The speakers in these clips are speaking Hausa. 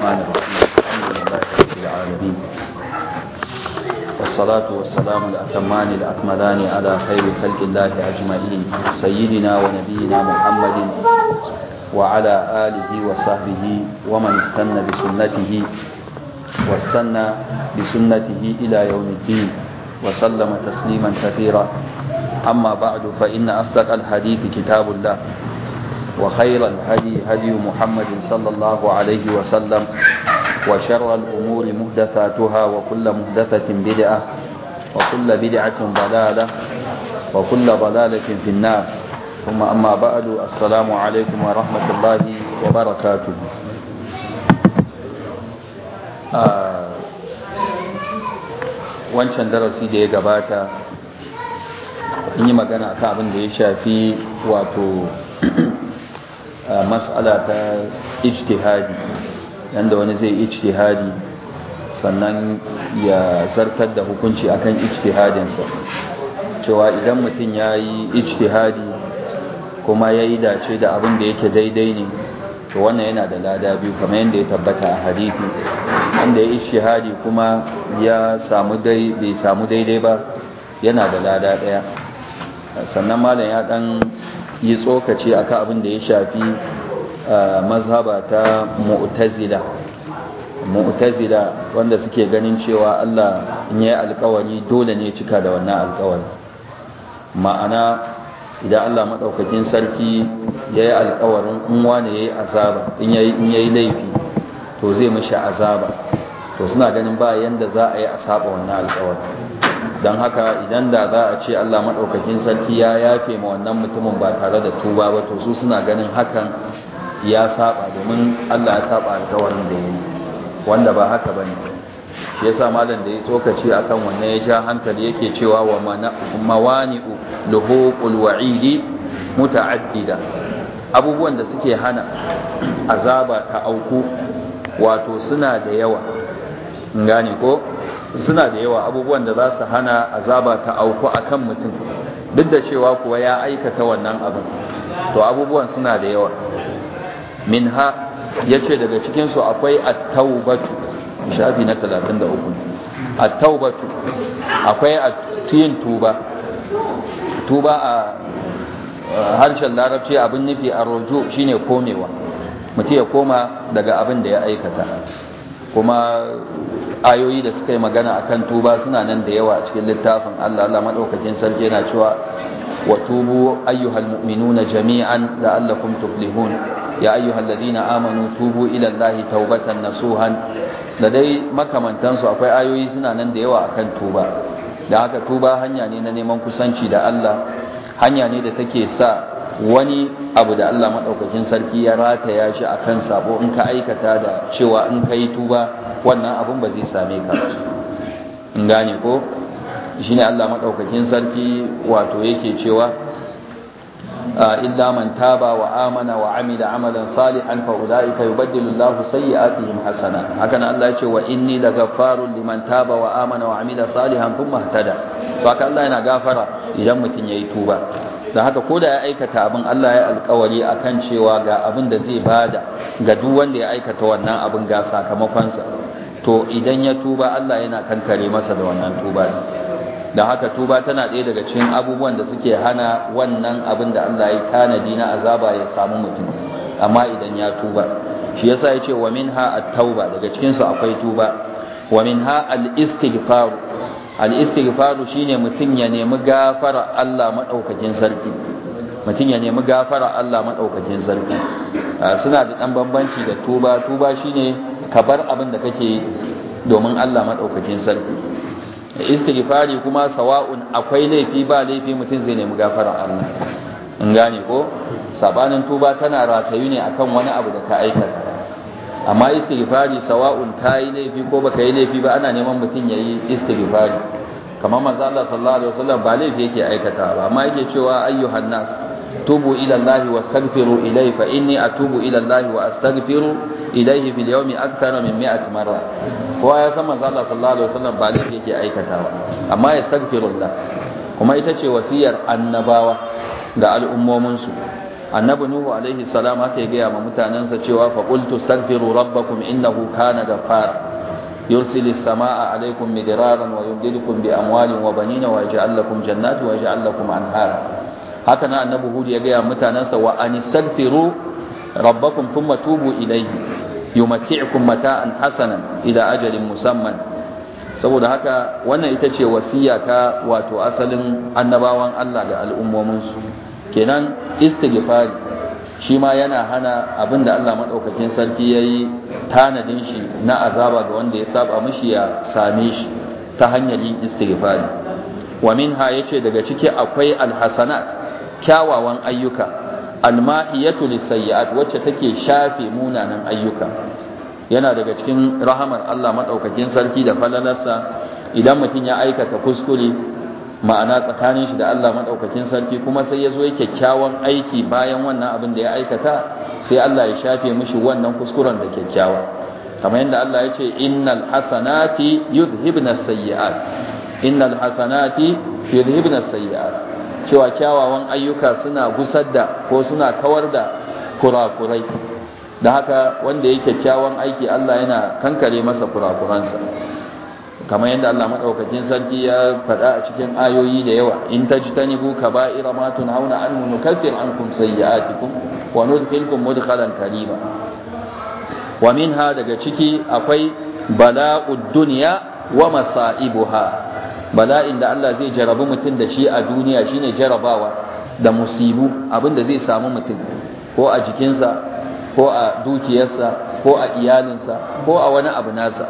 الرحمن الرحيم الحمد لله رب العالمين والصلاة والسلام الأتمان الأكملان على خير خلق الله أجمعين سيدنا ونبينا محمد وعلى آله وصحبه ومن استنى بسنته واستنى بسنته إلى يوم الدين وسلم تسليما كثيرا أما بعد فإن أصدق الحديث كتاب الله وخير الهدي هدي محمد صلى الله عليه وسلم وشر الأمور مهدثاتها وكل مهدثة بدعة وكل بدعة ضلالة وكل ضلالة في النار ثم أما بعد السلام عليكم ورحمة الله وبركاته wancan darasi da ya gabata in yi magana kan abin da ya shafi wato mas'ala ta ijtihadi yanda wani zai ijtihadi sannan ya zartar da hukunci akan ijtihadinsa cewa idan mutum ya yi ijtihadi kuma ya yi dace da abin da yake daidai ne to wannan yana da lada biyu kamar yadda ya tabbata a hadithi wanda ya ijtihadi kuma ya samu dai bai samu daidai ba yana da lada ɗaya sannan malam ya dan yi tsokace ka abin da ya shafi mazhaba ta mu'tazila mu'tazila wanda suke ganin cewa Allah in yi alƙawari dole ne cika da wannan alƙawari ma'ana idan Allah maɗaukakin sarki ya yayi alƙawarin in wani yi azaba in ya in laifi to zai mishi azaba to suna ganin ba yanda za a yi asaba saba wannan alƙawarin don haka idan da za a ce Allah maɗaukakin sarki ya yafe ma wannan mutumin ba tare da tuba ba to su suna ganin hakan ya saba domin Allah ya saba alƙawarin da yi. wanda ba haka bane shi yasa malam da ya tsokaci akan wannan ya ja hankali yake cewa wa mawani luhuqul wa'idi muta'addida abubuwan da suke hana azaba ta auku wato suna da yawa gane ko suna da yawa abubuwan da za su hana azaba ta auku kan mutum duk da cewa kuwa ya aikata wannan abin to abubuwan suna da yawa minha ce daga cikinsu akwai a taubatu shafi na 33 a taubatu akwai a tuba tuba a harshen larabci abin nufi a rojo shine komewa mutu ya koma daga abin da ya aikata kuma ayoyi da suka yi magana akan tuba suna nan da yawa cikin littafin Allah Allah maɗaukakin sarki yana cewa wa tubu ayyuhal mu'minuna jami'an la'allakum tuflihun ya ayyuhal ladina amanu tubu ila Allahi tawbatan nasuhan da dai makamantansu akwai ayoyi suna nan da yawa akan tuba da haka tuba hanya ne na neman kusanci da Allah hanya ne da take sa wani abu da Allah maɗaukakin sarki ya rataya shi akan sabo in ka aikata da cewa in yi tuba wannan abun ba zai same ka in gane ko ne Allah maɗaukakin sarki wato yake cewa illa man taba wa amana wa amila amalan salihan fa ulaika yubaddilu Allahu sayyi'atihim Haka hakan Allah ya ce wa inni laghafarun liman taba wa amana wa amila salihan thumma ihtada to haka Allah yana gafara idan mutum yayi tuba da haka ko da ya aikata abin Allah ya alkawari akan cewa ga abin da zai bada ga duk wanda ya aikata wannan abin ga sakamakonsa to idan ya tuba Allah yana kankare masa da wannan tuba da haka tuba tana ɗaya daga cikin abubuwan da suke hana wannan abin da Allah ya tanadi na azaba ya samu mutum amma idan ya tuba shi yasa ya ce wa minha at-tauba daga cikin su akwai tuba wa minha al-istighfar al-istighfar shine mutum ya nemi gafara Allah madaukakin sarki mutum ya nemi gafara Allah madaukakin sarki ah, suna da dan bambanci da tuba tuba shine ka bar abin da kake domin Allah madaukakin sarki istighfari kuma sawa'un akwai laifi ba laifi mutum zai nemi gafara Allah in gane ko sabanin tuba tana ratayu ne akan wani abu da ka aikata amma istighfari sawa'un ta yi laifi ko baka yi laifi ba ana neman mutum ya yi istighfari kamar manzo Allah sallallahu alaihi wasallam ba laifi yake aikata ba amma yake cewa ayyuhan nas tubu ilallahi Allah wa astaghfiru ilayhi fa inni atubu ila Allah wa astaghfiru ilayhi fil yawmi akthara min 100 marra kowa ya san manzo Allah sallallahu alaihi wasallam ba laifi yake aikatawa amma ya astaghfirullah kuma ita ce wasiyar annabawa ga al'ummomin su annabi nuhu alaihi salam haka ya gaya ma sa cewa fa qultu astaghfiru rabbakum innahu kana ghaffara يرسل السماء عليكم مدرارا ويمددكم بأموال وبنين ويجعل لكم جنات ويجعل لكم أنهارا haka na annabi hudu ya gaya mutanensa wa anistaghfiru rabbakum thumma tubu ilayhi yumati'ukum mata'an hasanan ila ajalin musamman saboda haka wannan ita ce wasiya ta wato asalin annabawan Allah ga al'ummominsu kenan istighfar shi ma yana hana abinda Allah maɗaukakin sarki ya yi tanadin shi na azaba ga wanda ya saba mishi ya same shi ta hanyar yin istighfar wa minha yace daga ciki akwai alhasanat kyawawan ayyuka alma'iyatu lisayyi'at wacce take shafe munanan ayyuka yana daga cikin rahamar Allah madaukakin sarki da falalarsa idan mutum ya aikata kuskure ma'ana tsakanin shi da Allah madaukakin sarki kuma sai ya zo ya kyakkyawan aiki bayan wannan abin da ya aikata sai Allah ya shafe mishi wannan kuskuren da kyakkyawa kamar yadda Allah ya ce innal hasanati yudhibna sayyi'at innal hasanati yudhibna sayyi'at cewa kyawawan ayyuka suna gusar da ko suna kawar da kurakurai da haka wanda ya kyawawan aiki Allah yana kankare masa kurakuransa kamar yadda Allah madaukakin sarki ya faɗa a cikin ayoyi da yawa in tajtanibu kaba'ira ma tunhauna anhu nukaffir ankum sayyi'atikum wa nudkhilkum mudkhalan karima wa minha daga ciki akwai bala'ud dunya wa masa'ibuha bala'in da Allah zai jarabi mutum da shi a duniya shine jarabawa da musibu abinda zai samu mutum ko a jikinsa ko a dukiyarsa ko a iyalinsa ko a wani abu nasa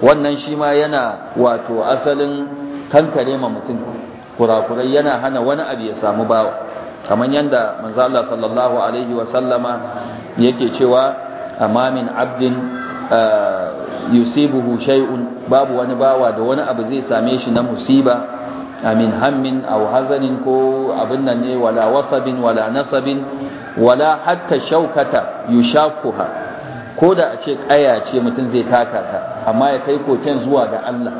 wannan shi ma yana wato asalin kankare ma mutum kurakurai yana hana wani abu ya samu bawa kamar yadda manzo Allah sallallahu alaihi wa sallama yake cewa amamin abdin yusibuhu shay'un babu wani bawa da wani abu zai same shi na musiba amin hammin aw hazanin ko abin nan ne wala wasabin wala nasabin wala hatta shaukata yushakuha ko da a ce kaya ce mutum zai taka ta amma ya kai koken zuwa ga Allah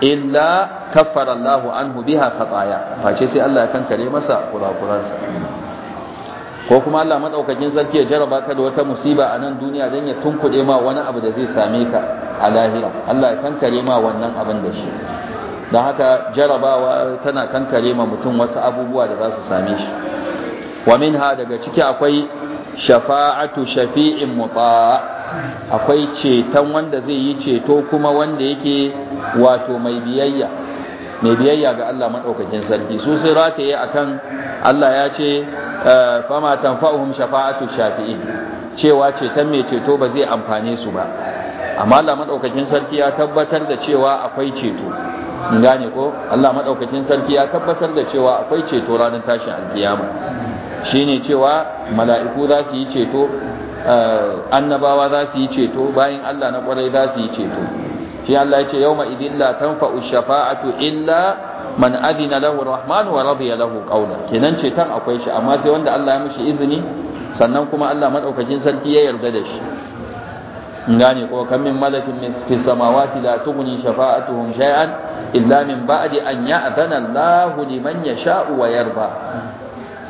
illa kaffara Allahu anhu biha khataya face sai Allah ya kankare masa kurakuransa ko kuma Allah madaukakin sarki ya jaraba ka da wata musiba a nan duniya don ya tunkuɗe ma wani abu da zai same ka a lahira Allah ya kankare ma wannan abin da shi don haka jarabawa tana kankare ma mutum wasu abubuwa da za su same shi wa minha daga ciki akwai shafa'atu shafi'in muta akwai ceton wanda zai yi ceto kuma wanda yake wato mai biyayya mai biyayya ga Allah madaukakin sarki su sai rataye akan Allah ya ce eh, fama tanfa'uhum shafa'atu shafi'i. cewa ce ceton mai ceto ba zai amfane su ba amma Allah madaukakin sarki ya tabbatar da cewa akwai ceto in gane ko Allah madaukakin sarki ya tabbatar da cewa akwai ceto ranar tashin alkiyama shine cewa mala'iku za su yi ceto eh, annabawa za su yi ceto bayan Allah na kwarai za su yi ceto shi Allah ya ce yawma idin la tanfa'u shafa'atu illa man adina lahu rahman wa radiya lahu qawla kenan ce tan akwai shi amma sai wanda Allah ya mishi izini sannan kuma Allah madaukakin sarki ya yarda da shi gane ko kan min malakin fi samawati la tughni shafa'atuhum shay'an illa min ba'adi anya ya'dana Allahu liman yasha'u wa yarda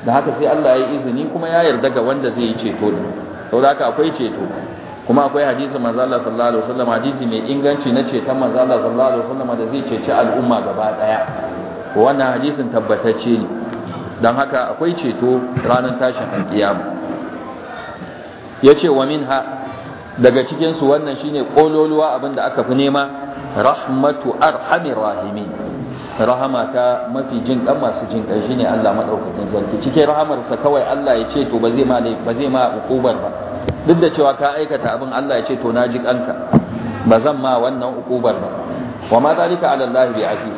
da haka sai Allah ya yi izini kuma ya yarda ga wanda zai yi ceto din haka akwai ceto kuma akwai hadisin manzo Allah sallallahu alaihi wasallam hadisi mai inganci na ceton manzo Allah sallallahu alaihi wasallam da zai ceci al'umma gaba daya wannan hadisin tabbatacce ne dan haka akwai ceto ranar tashin kiyama yace wa minha daga cikin su wannan shine kololuwa abinda aka fi nema rahmatu arhamir rahimin rahama ta mafi jin kan masu jin kai shine Allah madaukakin sarki cikin rahamarsa kawai Allah ya ce to ba zai ma ba zai ma hukubar ba duk da cewa ka aikata abin Allah ya ce to na ji kanka ba zan ma wannan ukubar ba wa ma zalika ala Allah bi aziz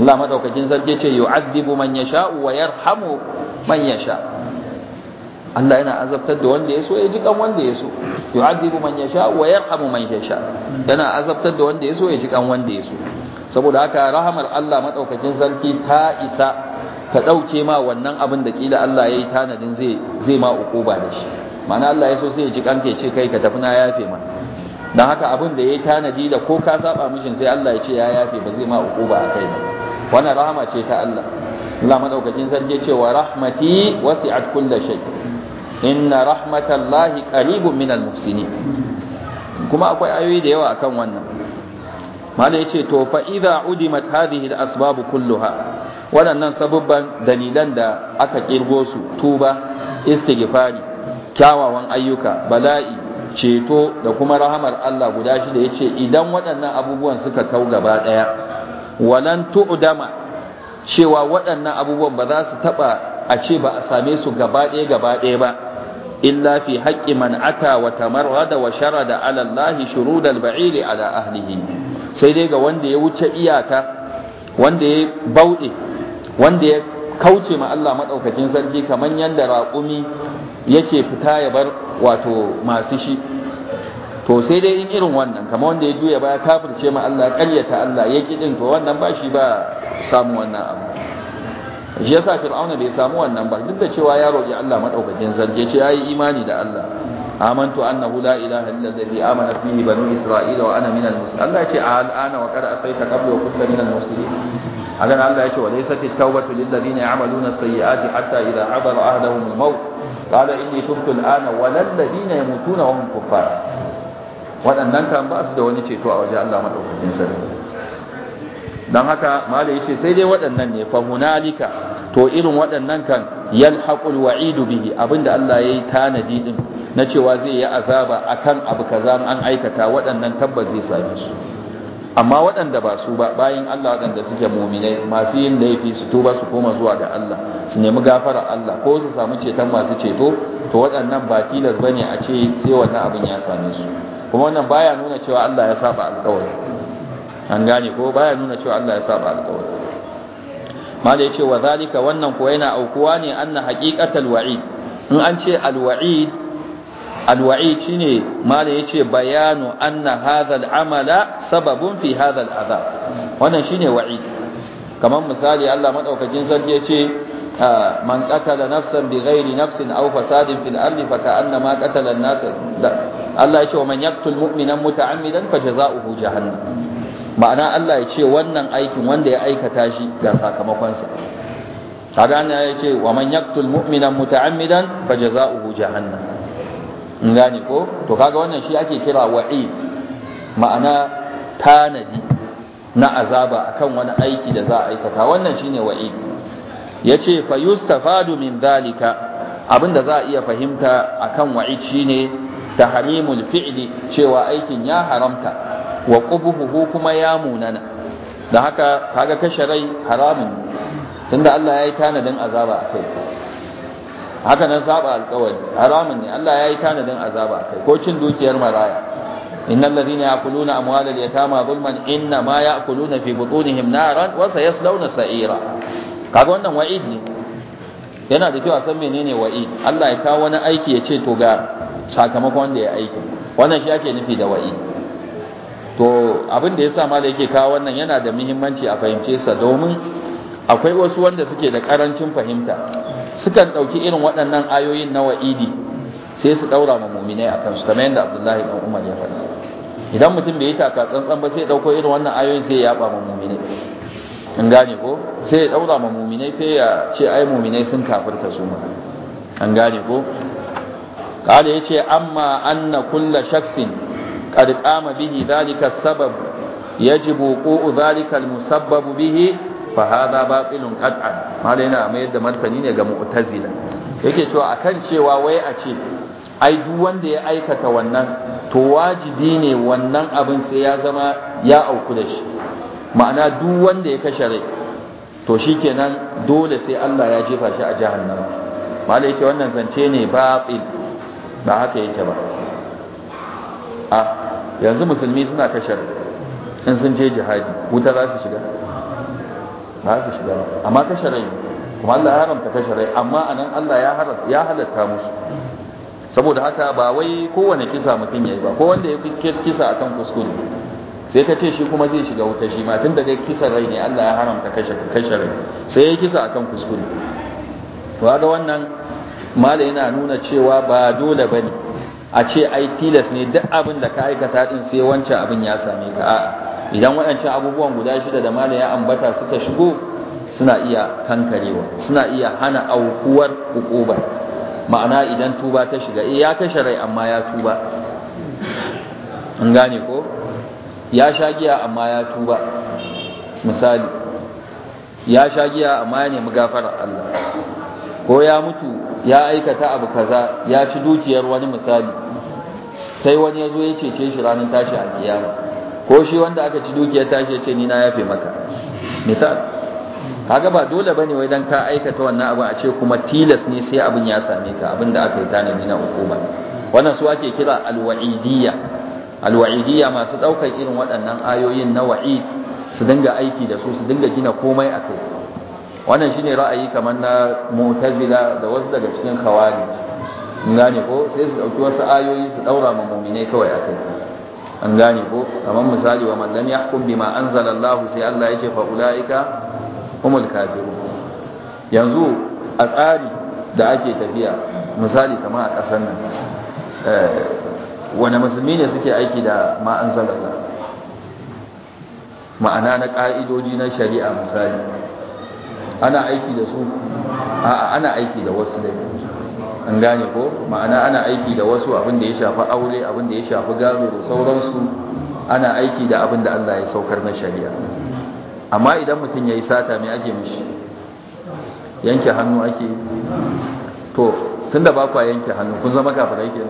Allah madaukakin sarki ce yu'adhibu man yasha wa yarhamu man yasha Allah yana azabtar da wanda ya so ya ji kan wanda ya so yu'adhibu man yasha wa yarhamu man yasha yana azabtar da wanda ya so ya ji kan wanda ya so saboda haka rahamar Allah madaukakin sarki ta isa ta dauke ma wannan abin da kila Allah ya yi tanadin zai zai ma ukuba da shi mana Allah ya so sai ya ji kanka ya ce kai ka tafi na yafe ma dan haka abin da yayi tanadi da ko ka saba mishin sai Allah ya ce ya yafe ba zai ma ukuba a kai ba wannan rahama ce ta Allah Allah madaukakin sarki ce wa rahmati wasi'at kulli shay inna rahmatallahi qaribun minal muhsinin kuma akwai ayoyi da yawa akan wannan malai yace to fa idza udimat hadhihi al-asbab kulluha waɗannan sabubban dalilan da aka kirgo su tuba istighfari kyawawan ayyuka bala'i ceto da kuma rahamar Allah guda shida ce idan waɗannan abubuwan suka kau gaba ɗaya walan tu'dama cewa waɗannan abubuwan ba za su taɓa a ce ba a same su gaba ɗaya gaba ɗaya ba illa fi haƙƙi man ata wa tamarrada wa sharada ala Allah shurudal ba'iri ala ahlihi sai dai ga wanda ya wuce iyaka wanda ya bauɗe wanda ya kauce ma Allah madaukakin sarki kamar yanda raƙumi yake fita ya bar wato masu shi to sai dai in irin wannan kamar wanda ya juya baya kafirce ma Allah ƙaryata Allah ya kidin to wannan ba shi ba samu wannan abu shi yasa fir'auna bai samu wannan ba duk da cewa ya roƙi Allah madaukakin zarge ce yayi imani da Allah amantu annahu la ilaha illa allazi amana fihi banu isra'ila wa ana minal muslimin Allah ya ce al'ana wa qad asaita qabla wa kunta minal muslimin agan Allah ya ce wa laysa at-tawbatu lil ladina ya'maluna sayyiati hatta idha habara ahdahum al-maut qala inni tubtu al'ana wa ladina yamutuna wa hum waɗannan kan ba su da wani ceto a wajen Allah madaukakin sarki Don haka ya ce sai dai waɗannan ne fa hunalika to irin waɗannan kan wa wa'idu bihi abinda Allah ya yi tanadi din na cewa zai yi azaba akan abu kaza an aikata waɗannan tabbas zai sami su amma waɗanda ba su ba bayan Allah waɗanda suke muminai masu yin laifi su tuba su koma zuwa ga Allah su nemi gafara Allah ko su samu ceton masu ceto to waɗannan ba tilas bane a ce sai wannan abin ya same su kuma wannan baya nuna cewa Allah ya saba alƙawari an gane ko baya nuna cewa Allah ya saba alƙawari ya yace wa zalika wannan ko yana aukuwa ne anna haqiqatal wa'id in an ce al alwa'i shine mala yace bayanu anna hadhal amala sababun fi hadhal azab wannan shine wa'i kamar misali Allah madaukakin sarki yace ah, man qatala nafsan bighairi nafsin aw fasadin fil ardi fa ma qatala an-nas Allah yace wa man yaqtul mu'mina muta'ammidan fajaza'uhu jahannam ma'ana Allah yace wannan aikin wanda ya aikata shi ga sakamakon sa kaga Allah yace wa man yaqtul mu'mina muta'ammidan fajaza'uhu jahannam in gane ko to kaga wannan shi ake kira wa'id ma'ana tanadi na azaba akan wani aiki da za a aikata wannan shine wa'id yace fa yustafadu min dalika. abinda za a iya fahimta akan wa'id shine tahrimul fi'li cewa aikin ya haramta wa qubuhu kuma ya munana da haka kaga kashe rai haramun tunda Allah ya yi tanadin azaba a akai haka nan saba alkawari haramun ne Allah ya yi tanadin azaba kai ko cin dukiyar maraya innal ladina yaquluna al yatama zulman inna ma yaquluna fi butunihim naran wa sayaslawna sa'ira kaga wannan wa'id ne yana da kyau a san menene wa'id Allah ya kawo wani aiki ya ce to ga sakamakon da ya aiki wannan shi ake nufi da wa'id to abin da yasa malai yake kawo wannan yana da muhimmanci a fahimce sa domin akwai wasu wanda suke da karancin fahimta sukan ɗauki irin waɗannan ayoyin na wa'idi sai su ɗaura ma muminai a kansu kamar yadda abdullahi ɗan umar ya faɗa idan mutum bai yi taka tsantsan ba sai ya ɗauko irin wannan ayoyin sai ya yaɓa ma muminai an gane ko sai ya ɗaura ma muminai sai ya ce ai muminai sun kafirta su ma an gane ko قال يجي أما أن kulla shaksin قد kama bihi ذلك sabab yajibu ku'u ذلك musabbabu bihi? fa hada batilun qat'an mala na mayar da martani ne ga mu'tazila yake cewa akan cewa wai a ce ai duk wanda ya aikata wannan to wajibi ne wannan abin sai ya zama ya auku da shi ma'ana duk wanda ya kashe rai to shikenan dole sai Allah ya jefa shi a jahannama malai yake wannan zance ne batil ba haka yake ba a yanzu musulmi suna kashe in sun je jihadi wuta za su shiga ba ka shiga ba amma kashe rai kuma Allah ya haramta kashe rai amma anan Allah ya halatta musu saboda haka ba wai kowane kisa mutum ya yi ba ko wanda ya kisa akan kuskure sai ka ce shi kuma zai shiga wuta shi ma tun da dai kisan rai ne Allah ya haramta kashe rai sai ya kisa akan kuskure to ga wannan mala yana nuna cewa ba dole bane a ce ai tilas ne duk abin da ka aikata din sai wancan abin ya same ka a'a idan waɗancan abubuwan guda shida da malam ya ambata suka shigo suna iya kankarewa suna iya hana aukuwar hukuba ma'ana idan tuba ta shiga eh ya kashe rai amma ya tuba an gane ko ya sha giya amma ya tuba misali ya sha giya amma ya nemi gafarar Allah ko ya mutu ya aikata abu kaza ya ci dukiyar wani misali sai wani ya zo ya cece shi ranar tashi kiyama ko shi wanda aka ci dukiyar tashi ya ce ni na yafe maka misal kaga ba dole bane wai dan ka aikata wannan abin a ce kuma tilas ne sai abin ya same ka abin da aka yi tanadi na hukuma wannan su ake kira alwa'idiyya alwa'idiyya masu daukar irin waɗannan ayoyin na wa'id su dinga aiki da su su dinga gina komai a kai wannan shine ra'ayi kamar na mu'tazila da wasu daga cikin khawarij ko sai su dauki wasu ayoyi su daura ma mu'minai kawai a kai an gane ko kamar misali wa man lam yahkum bima anzala Allah sai Allah yake fa ulaika humul kafirun yanzu a tsari da ake tafiya misali kamar a ƙasar nan eh, wane musulmi ne suke aiki da ma anzala Allah ma'ana na ƙa'idoji na shari'a misali ana aiki da su a'a ana aiki da wasu dai an gane ko ma'ana ana aiki da wasu abin da ya shafi aure abin da ya shafi gano da sauransu ana aiki da abin da Allah ya saukar na shari'a amma idan mutum ya yi sata mai ake mishi yanke hannu ake to tun da bakwa yanke hannu kun zama kafirai ke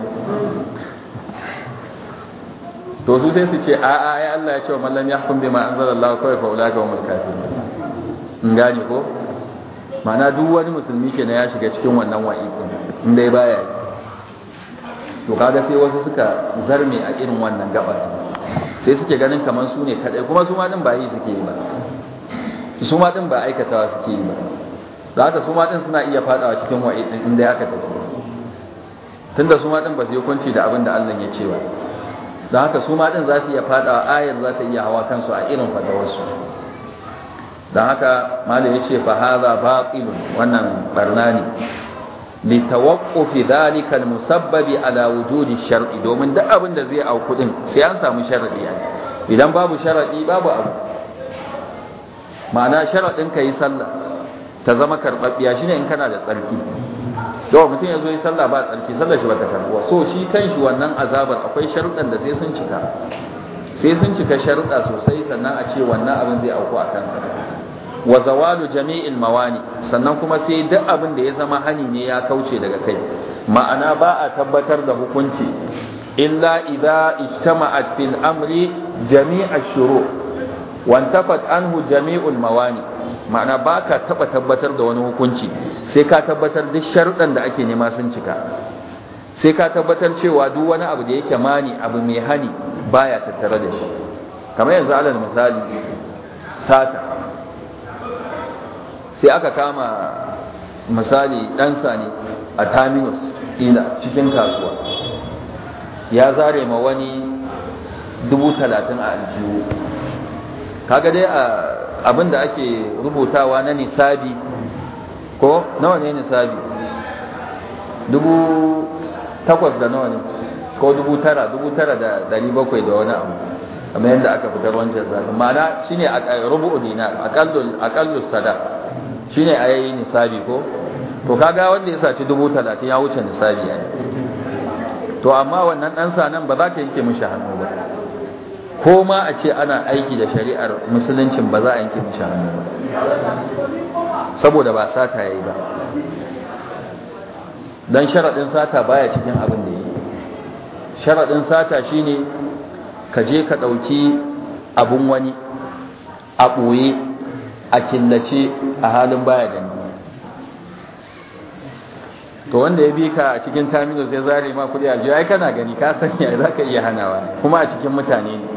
to su sai su ce a a ya Allah ya ce wa mallam ya hukum bi ma anzalallahu kawai fa'ula ga humul kafirun in gane ko ma'ana duk wani musulmi ke na ya shiga cikin wannan wa'iqin in dai baya yi to kaga sai wasu suka zarme a irin wannan gabar sai suke ganin kamar su ne kadai kuma su ma din ba yi suke yi ba su ma din ba aikatawa suke yi ba da haka su ma din suna iya fadawa cikin wa'i din inda ya tafi tunda su ma din ba su yi hukunci da abin da Allah ya ce ba da haka su ma din za su iya fadawa ayar za ta iya hawa kansu a irin fadawarsu don haka malam ya ce fa hadha batilun wannan barna ne litawaqqufi dhalika almusabbabi ala wujudi shar'i domin duk abin da zai auku din sai an samu sharadi idan babu sharadi babu abu ma'ana sharadin kai sallah ta zama karbabbiya shine in kana da tsarki to mutum yazo yi sallah ba tsarki sallar shi ba ta karbuwa so shi kanshi wannan azabar akwai sharuɗan da sai sun cika sai sun cika sharuɗa sosai sannan a ce wannan abin zai auku a kansa wa zawalu jami'il mawani sannan kuma sai duk abin da ya zama hani ne ya kauce daga kai ma'ana ba a tabbatar da hukunci illa idza ijtama'at fil amri jami'a shuru wa antafat anhu jami'ul mawani ma'ana ba ka taba tabbatar da wani hukunci sai ka tabbatar duk sharuɗan da ake nema sun cika sai ka tabbatar cewa duk wani abu da yake mani abu mai hani baya tattare da shi kamar yanzu alal misali sata sai aka kama misali ɗansa ne a terminus ila cikin kasuwa ya zare ma wani dubu talatin a aljihu kaga dai abin da ake rubutawa na nisabi ko nawa ne nisabi dubu takwas da nawa ne ko dubu tara dubu tara da dari bakwai da wani abu kamar yadda aka fitar wancan zafi ma'ana shine a rubu'u dinar aqallus sadaq ne a yayi nisabi ko to kaga wanda ya saci dubu talatin ya wuce nisabi ya to amma wannan ɗan sanan ba za ka yanke mishi hannu ba ko ma a ce ana aiki da shari'ar musuluncin ba za a yanke mishi hannu ba saboda ba sata ya yi ba dan sharaɗin sata baya cikin abin da ya yi sharaɗin sata shine ka je ka ɗauki abun wani a ɓoye a killace a halin baya gani to wanda ya bi ka a cikin terminus ya zare ma kudi aljiya ya kana gani ka sanya za ka iya hanawa kuma a cikin mutane ne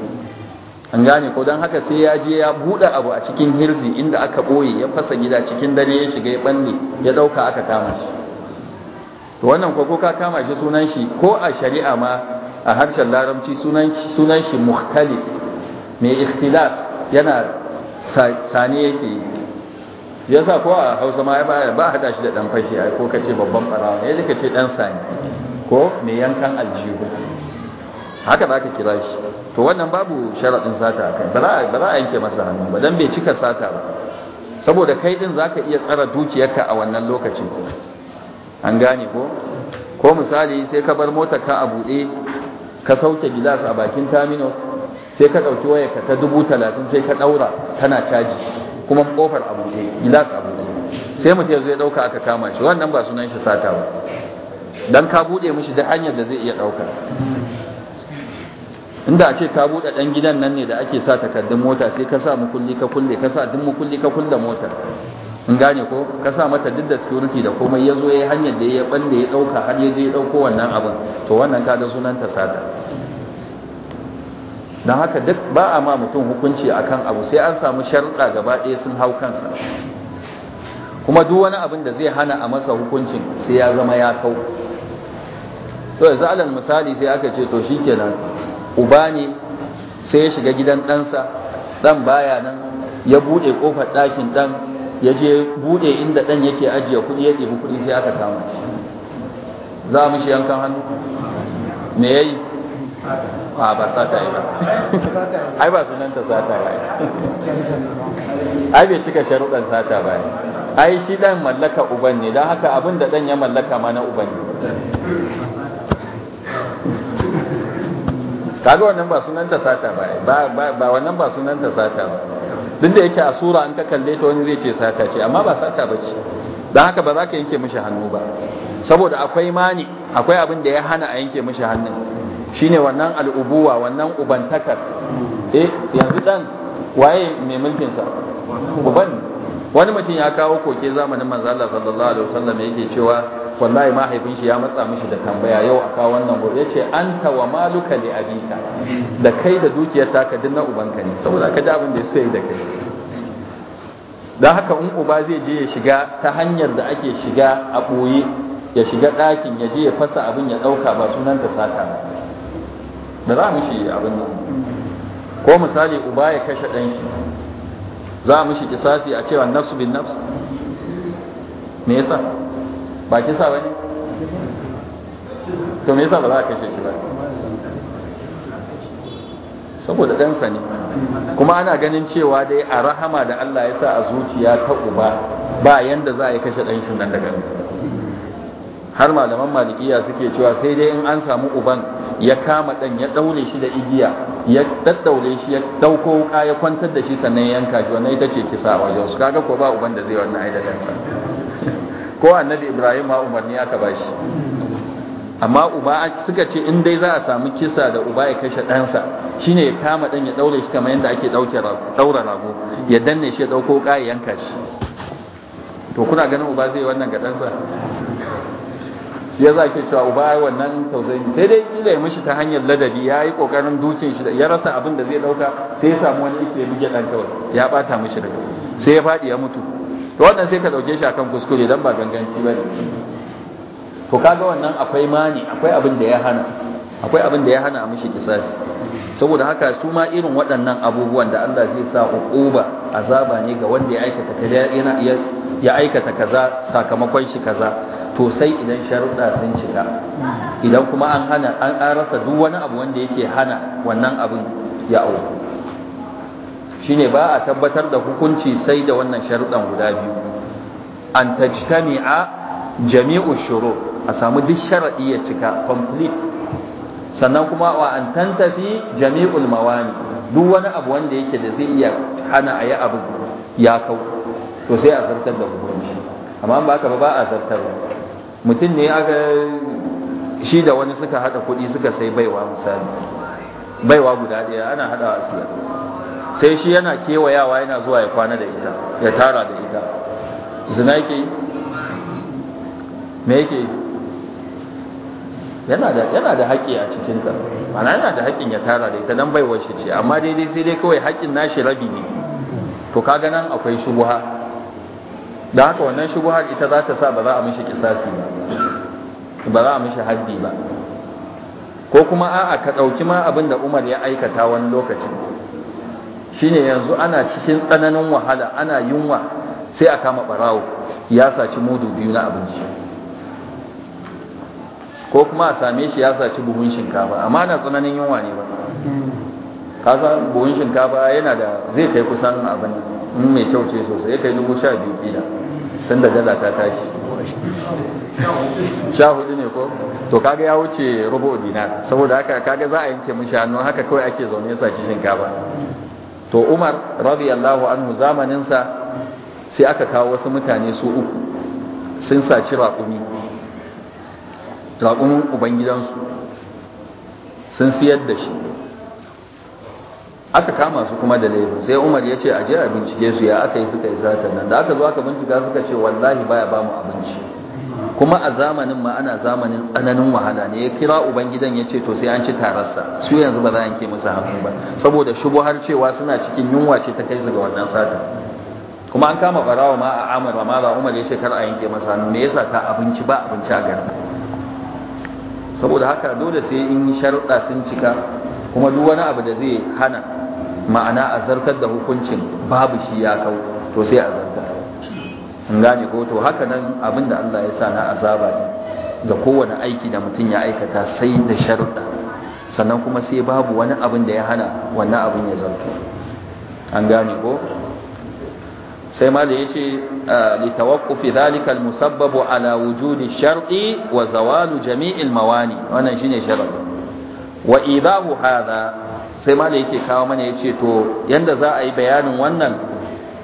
an gane ko don haka sai ya je ya buɗe abu a cikin hirzi inda aka ɓoye ya fasa gida cikin dare ya shiga ya ɓanne ya ɗauka aka kama shi to wannan ko ka kama shi sunan shi ko a shari'a ma a harshen laramci sunan shi muhtalif mai ikhtilaf yana sani yake yi sa ko a hausa ma ba a hada shi da dan fashi a ko kace babban barawa ya zika ce dan sani ko me yankan aljihu haka ba ka kira shi to wannan babu sharaɗin sata a ba za ba za a yanke masa hannu ba dan bai cika sata ba saboda kai ɗin za ka iya tsara dukiyarka a wannan lokacin an gane ko ko misali sai ka bar motar ka a buɗe ka sauke gilas a bakin terminus sai ka ɗauki waya ka ta dubu talatin sai ka ɗaura tana caji kuma kofar a buɗe gilas a buɗe sai mutum ya ɗauka aka kama shi wannan ba sunan shi sata ba dan ka buɗe mishi da hanyar da zai iya ɗauka inda a ce ka buɗe ɗan gidan nan ne da ake sa takardun mota sai ka sa mukulli ka kulle ka sa duk mukulli ka kulle mota in gane ko ka sa mata duk da security da komai ya zo ya yi hanyar da ya balle ya ɗauka har ya je ya ɗauko wannan abin to wannan ka ga sunanta sata don haka duk ba a ma mutum hukunci akan abu sai an samu sharuɗa gaba ɗaya sun hau kansa kuma duk wani abin da zai hana a masa hukuncin sai ya zama ya kau to yanzu alal misali sai aka ce to shikenan uba ne sai ya shiga gidan ɗansa ɗan baya nan ya buɗe ƙofar ɗakin ɗan ya je buɗe inda ɗan yake ajiye kuɗi ya ɗebi kuɗi sai aka kama shi za mu shi yankan hannu me yayi a ba sa ta yi ba ai ba ta sata ba ai bai cika sharuɗan sata ba ai shi dan mallaka uban ne don haka abin da dan ya mallaka ma na uban ne kaga wannan ba ta sata ba ba wannan ba ta sata ba duk da yake a sura an ka kalle ta wani zai ce sata ce amma ba sata ba ce don haka ba za ka yanke mishi hannu ba saboda akwai mani akwai abin da ya hana a yanke mishi hannun shine wannan al'ubuwa wannan ubantakar eh yanzu dan waye mai mulkin sa uban wani mutum ya kawo koke zamanin manzo Allah sallallahu alaihi wasallam yake cewa wallahi mahaifin shi ya matsa mishi da tambaya yau a kawo wannan gobe yace anta wa maluka li abika da kai da dukiyar taka duk na ubanka ne saboda ka ji abin da ya so da kai don haka in uba zai je ya shiga ta hanyar da ake shiga a ɓoye ya shiga ɗakin ya je ya fasa abin ya ɗauka ba sunanta sata ba da za mu shi abin nan ko misali uba ya kashe ɗan shi za mu shi kisasi a cewa nafsu bin nafsu me yasa ba kisa ba ne to me yasa ba za a kashe shi ba saboda ɗansa ne kuma ana ganin cewa dai a rahama da Allah ya sa a zuciya ta uba ba yanda za a yi kashe ɗan shi nan daga har malaman malikiya suke cewa sai dai in an samu uban ya kama dan ya daure shi da igiya ya daddaure shi ya dauko wuka ya kwantar da shi sannan ya yanka shi wannan ita ce kisa wajen su kaga ko ba uban da zai wannan da sa ko annabi ibrahim ma umarni aka bashi amma uba suka ce in dai za a samu kisa da uba ya kashe ɗansa shine ya kama ɗan ya ɗaure shi kamar yadda ake ɗaura rago ya danne shi ya ɗauko ƙa ya yanka shi to kuna ganin uba zai wannan ga ɗansa shi ya zake cewa uba wannan tausayin. sai dai kila ya mishi ta hanyar ladabi ya yi kokarin dukin shi ya rasa abin da zai dauka sai ya samu wani ita ya buge dan kawai ya bata mishi rai sai ya fadi ya mutu to wannan sai ka dauke shi akan kuskure dan ba ganganci bane to kaga wannan akwai mani akwai abin da ya hana akwai abin da ya hana a mishi kisasi saboda haka su ma irin waɗannan abubuwan da Allah zai sa uquba azaba ne ga wanda ya aikata kaza ya aikata kaza sakamakon shi kaza to sai idan sharuɗa sun cika idan kuma an hana an rasa duk wani abu wanda yake hana wannan abin ya auku shine ba a tabbatar da hukunci sai da wannan sharuɗan guda biyu an tajtami'a jami'u shuru a samu duk sharaɗi ya cika complete sannan kuma wa an tantafi jami'ul mawani duk wani abu wanda yake da zai iya hana a yi abu ya kau to sai a zartar da hukunci amma ba ka ba ba a zartar mutum ne aka shi da wani suka hada kuɗi suka sai baiwa misali baiwa guda ɗaya ana hada a siya sai shi yana kewayawa yana zuwa ya kwana da ita ya tara da ita zina yake yi me yake yi yana da haƙƙi a cikinta. ta ana yana da haƙƙin ya tara da ita don baiwar shi ce amma daidai sai dai kawai haƙƙin nashi rabi ne to ka nan akwai shubuha da haka wannan shubuhar ita za ta sa ba za a mishi kisasi ba ba za a mishi haddi ba ko kuma a'a ka ɗauki ma abin da umar ya aikata wani lokacin shine yanzu ana cikin tsananin wahala ana yunwa sai a kama ɓarawo ya saci mudu biyu na abinci ko kuma a same shi ya saci buhun shinkafa amma na tsananin yunwa ne ba kasa buhun shinkafa yana da zai kai kusan abin mai kyau ce sosai ya kai dubu sha biyu kila tun da dala ta tashi sha hudu ne ko to kaga ya wuce rubo dina saboda haka kaga za a yanke mishi hannu haka kawai ake zaune sa ci shinkafa to umar radiyallahu anhu zamanin sa sai aka kawo wasu mutane su uku sun saci raƙumi raƙumin ubangidansu sun siyar da shi aka kama su kuma da laifin sai umar ya ce a je a bincike su ya aka yi suka yi satan nan da aka zo aka bincika suka ce wallahi baya ba mu abinci kuma a zamanin ma ana zamanin tsananin wahala ne ya kira ubangidan ya ce to sai an ci tararsa su yanzu ba za a yanke musu hannu ba saboda shubu har cewa suna cikin yunwa ce ta kai su ga wannan sata kuma an kama barawa ma a amur ma ba umar ya ce kar a yanke masa hannu me yasa ta abinci ba abinci a garin saboda haka dole sai in sharuɗa sun cika kuma duk wani abu da zai hana ma'ana a zartar da hukuncin babu shi ya kau to sai a zartar in gane ko to haka nan abin da Allah ya sa na azaba ne ga kowane aiki da mutum ya aikata sai da sharuɗa sannan kuma sai babu wani abin da ya hana wannan abin ya zarto an gane ko sai ma da ya ce fi zalikal musabbabu ala wujudi shar'i wa zawalu jami'il mawani wannan shine sharadi wa idahu hadha sai ma yake kawo mana ya ce to yanda za a yi bayanin wannan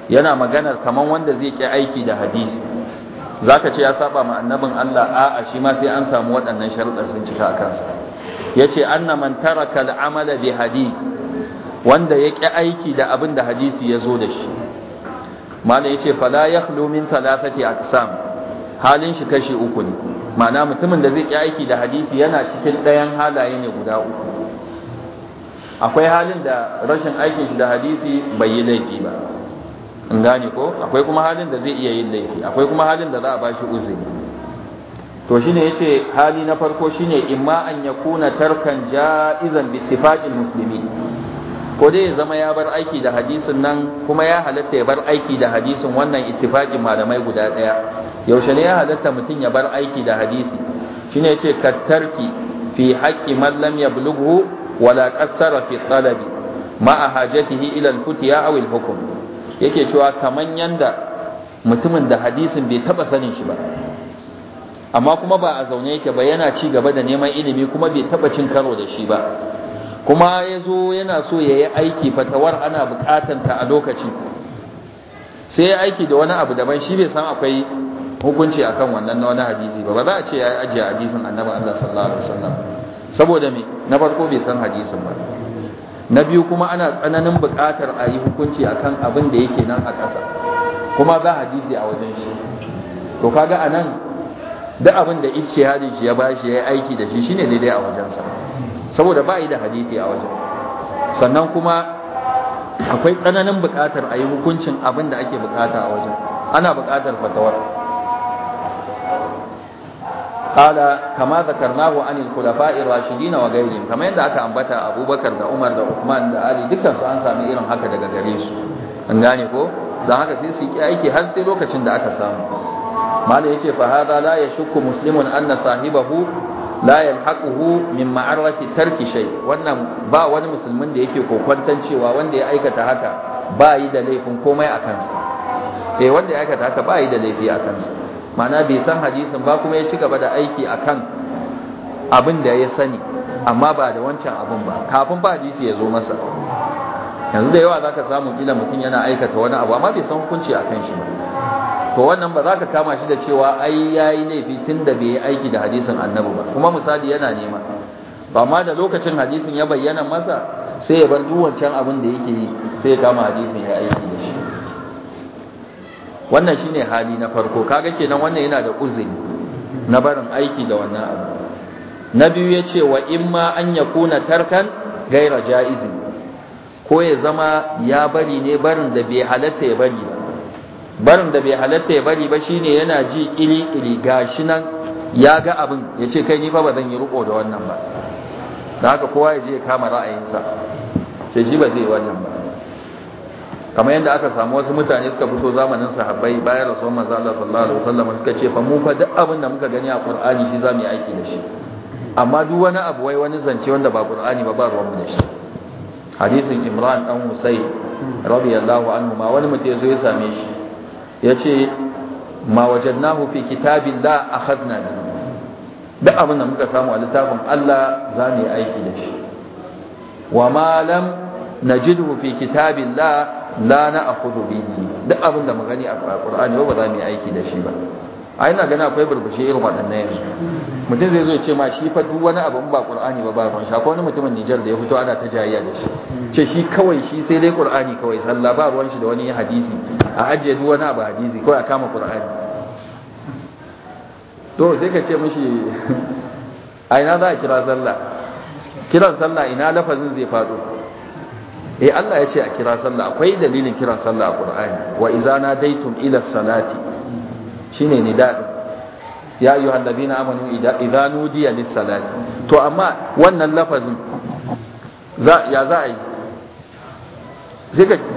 yana maganar kamar wanda zai ƙi aiki da hadisi za ka ce ya saba ma annabin Allah a'a shi ma sai an samu waɗannan sharuɗar sun cika a kansa ya ce anna man taraka al'amala bi hadi wanda ya ƙi aiki da abin da hadisi ya zo da shi malam ya ce fala ya min talatati kasam halin shi kashi uku ne ma'ana mutumin da zai ƙi aiki da hadisi yana cikin ɗayan halaye ne guda uku akwai halin da rashin aikin shi da hadisi bai yi laifi ba in gane ko akwai kuma halin da zai iya yin laifi akwai kuma halin da za a bashi uzuri to shine yace hali na farko shine imma an yakuna tarkan ja'izan bi ittifaqil muslimin ko dai ya zama ya bar aiki da hadisin nan kuma ya halatta ya bar aiki da hadisin wannan ittifaqin malamai guda daya yaushe ne ya halatta mutum ya bar aiki da hadisi shine yace kattarki fi haqqi man lam yablughu wala qassara fi talabi ma'a hajatihi ila al-futiya aw al-hukm yake cewa kaman yanda mutumin da hadisin bai taba sanin shi ba amma kuma ba a zaune yake ba yana ci gaba da neman ilimi kuma bai taba cin karo da shi ba kuma ya zo yana so ya yi aiki fatawar ana bukatanta a lokaci sai ya aiki da wani abu daban shi bai san akwai hukunci akan wannan na wani hadisi ba ba za a ce ya ajiye hadisin annabi Allah sallallahu alaihi wasallam saboda me na farko bai san hadisin ba na biyu kuma ana tsananin buƙatar a yi hukunci akan abin da yake nan a ƙasa kuma ba hadisi a wajen shi to kaga anan duk abin da hadin shi ya bashi yi aiki da shi shine daidai a wajensa saboda ba yi da hadisi a wajen sannan kuma akwai tsananin buƙatar a yi hukuncin abin da ake buƙata a wajen ana buƙatar fatawar قال كما ذكرناه عن الخلفاء الراشدين وغيرهم كما yadda aka ambata Abubakar da Umar da Uthman da Ali dukkansu an sami irin haka daga gare su an gane ko dan haka sai su yi aiki har sai lokacin da aka samu malai yake fa hada la yashukku muslimun anna sahibahu la yalhaquhu min ma'arati tarki shay wannan ba wani musulmin da yake kokwantan cewa wanda ya aikata haka ba yi da laifin komai wanda ya aikata haka ba da laifi a kansa mana bai san hadisin ba kuma ya ci gaba da aiki akan abin da ya sani amma ba da wancan abin ba kafin ba hadisi ya zo masa yanzu da yawa za ka samu gila mutum yana aikata wani abu amma bai san hukunci akan shi ba to wannan ba za ka kama shi da cewa ai yi laifi tun da bai yi aiki da hadisin annabi ba kuma misali yana nema ba ma da lokacin hadisin ya bayyana masa sai ya bar duk wancan abin da yake yi sai ya kama hadisin ya aiki da shi wannan shine hali na farko kaga kenan wannan yana da uzuri na barin aiki da wannan abu na biyu ya ce wa ma an ya kuna tarkan gaira ja'izi ko ya zama ya bari ne barin da bai halatta ya bari ba barin da bai halatta ya bari ba shine yana ji iri iri gashi nan ya ga abin ya ce kai ni fa ba zan yi riko da wannan ba da haka kowa ya je ya kama ra'ayinsa sai shi ba zai yi wannan ba kamar yadda aka samu wasu mutane suka fito zamanin sahabbai bayan rasuwar manzo Allah sallallahu alaihi wasallam suka ce fa mu fa duk abin da muka gani a Qur'ani shi zamu yi aiki da shi amma duk wani abu wai wani zance wanda ba Qur'ani ba ba ruwan mu da shi hadisin Imran dan Husayn radiyallahu anhu ma wani mutum yazo ya same shi yace ma wajadnahu fi kitabillah akhadna duk abin da muka samu a littafin Allah zamu yi aiki da shi wa ma lam najidhu fi kitabillah la na akudu bihi duk abin da magani a Qur'ani ba za mu yi aiki da shi ba ai ina gani akwai burbushi irin waɗannan yanzu mutum zai zo ya ce ma shi fa duk wani abu ba Qur'ani ba ba ban shi akwai wani mutumin Nijar da ya fito ana ta jayayya da shi ce shi kawai shi sai dai Qur'ani kawai sallah ba ruwan shi da wani hadisi a ajiye duk wani abu hadisi kawai a kama Qur'ani to sai ka ce mishi a ina za a kira sallah kiran sallah ina lafazin zai faɗo eh Allah ya ce a kira sallah akwai dalilin kiran sallah a Qur'ani wa idza nadaitum ila salati shine nida ya ayu ladina amanu idza nudiya lis salati to amma wannan lafazin za ya za a yi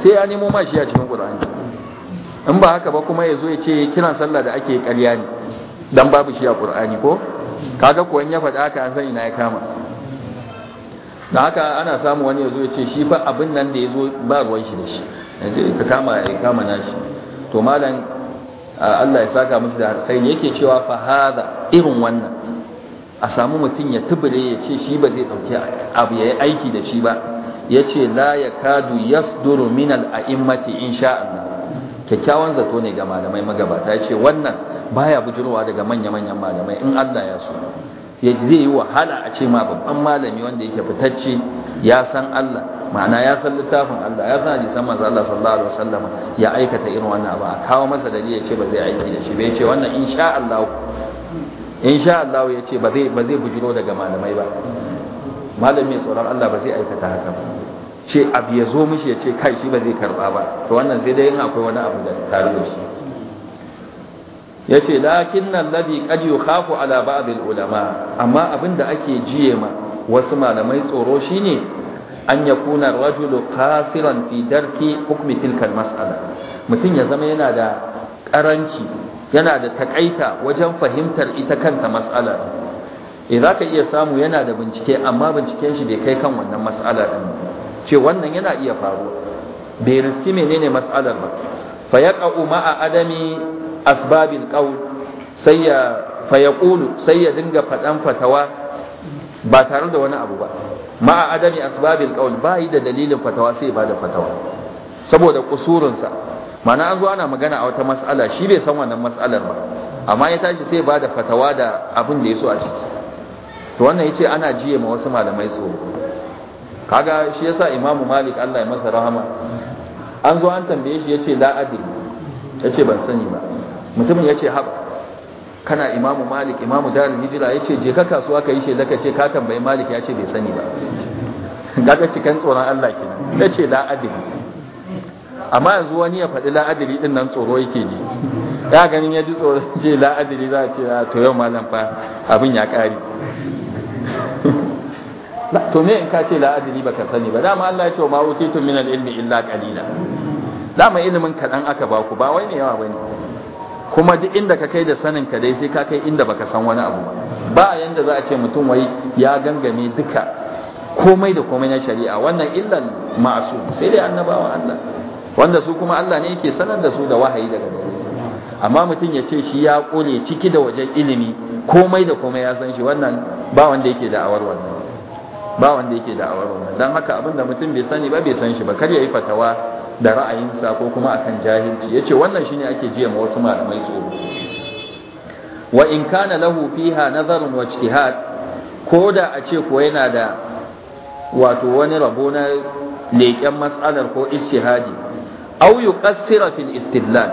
sai ya nemo ma shi a cikin Qur'ani in ba haka ba kuma yazo ya ce kiran sallah da ake ƙarya ne dan babu shi a Qur'ani ko kaga ko in ya faɗa haka an san ina ya kama da haka ana samu wani ya zo ya ce shi fa abin nan da ya zo ba ruwan shi da shi ka kama ya kama nashi to malam Allah ya saka musu da harkai yake cewa fa hada irin wannan a samu mutum ya tubule ya ce shi ba zai dauki abu ya aiki da shi ba ya ce la ya kadu yasduru min al'a'immati insha Allah kyakkyawan zato ne ga malamai magabata ya ce wannan baya bujurwa daga manya-manyan malamai in Allah ya so ya zai yi wahala a ce ma babban malami wanda yake fitacce ya san Allah ma'ana ya san littafin Allah ya san hadisan manzo Allah sallallahu alaihi wasallam ya aikata irin wannan abu a kawo masa dalili ya ce ba zai aiki da shi ba ya ce wannan insha Allah insha Allah ya ce ba zai ba zai bujiro daga malamai ba malami tsoron Allah ba zai aikata haka ba ce abu ya zo mishi ya ce kai shi ba zai karba ba to wannan sai dai in akwai wani abu da tare da shi ya ce lakin nan ladi kad yukhafu ala ba'd ulama amma abinda ake jiye ma wasu malamai tsoro shine an yakuna rajulu qasiran fi darki hukmi tilka mas'ala mutum ya zama yana da karanci yana da takaita wajen fahimtar ita kanta mas'ala eh zaka iya samu yana da bincike amma binciken shi bai kai kan wannan mas'ala din ce wannan yana iya faruwa bai riski menene mas'alar ba fa yaqa'u ma'a adami asbabil qaul sai ya fayaqulu sai ya dinga fadan fatawa ba tare da wani abu ba ma'a adami asbabil qaul ba yi da dalilin fatawa sai ba da fatawa saboda kusurinsa ma'ana an zo ana magana a wata mas'ala shi bai san wannan mas'alar ba amma ya tashi sai ba da fatawa da abin da ya so a ciki to wannan yace ana jiye ma wasu malamai tsoro kaga shi yasa imamu malik Allah ya masa rahama an zo an tambaye shi yace la yace ban sani ba mutumin ya ce haɓa kana imamu malik imamu darin hijira ya ce je ka kasuwa ka yi shi ka ce ka tambayi malik ya ce bai sani ba gaga cikin tsoron Allah nan. ya ce la'adili amma yanzu wani ya faɗi la'adili ɗin nan tsoro yake ji ya ganin ya ji tsoron ce la'adili za a ce a ah, to yau malam fa abin ya ƙari to me in ka ce la'adili baka sani ba dama Allah ya ce ma tun min al-ilmi illa qalila dama ilimin kaɗan aka baku ba wai ne yawa bane kuma duk inda ka kai da sanin ka dai sai ka kai inda baka san wani abu ba yanda za a ce mutum wai ya gangame duka komai da komai na shari'a wannan illan masu sai dai annabawa Allah wanda su kuma Allah ne yake sanar da su da wahayi daga gare amma mutum ya ce shi ya kore ciki da wajen ilimi komai da komai ya san shi wannan ba wanda yake da'awar wannan ba wanda yake da'awar wannan dan haka abinda mutum bai sani ba bai san shi ba kar ya yi fatawa da ra'ayinsa ko kuma akan jahilci yace wannan shine ake jiya ma wasu malamai tsoro wa in kana lahu fiha nazarun wa ijtihad Koda a ce ko yana da wato wani rabo na leƙen matsalar ko ijtihadi aw yuqassira fil istidlal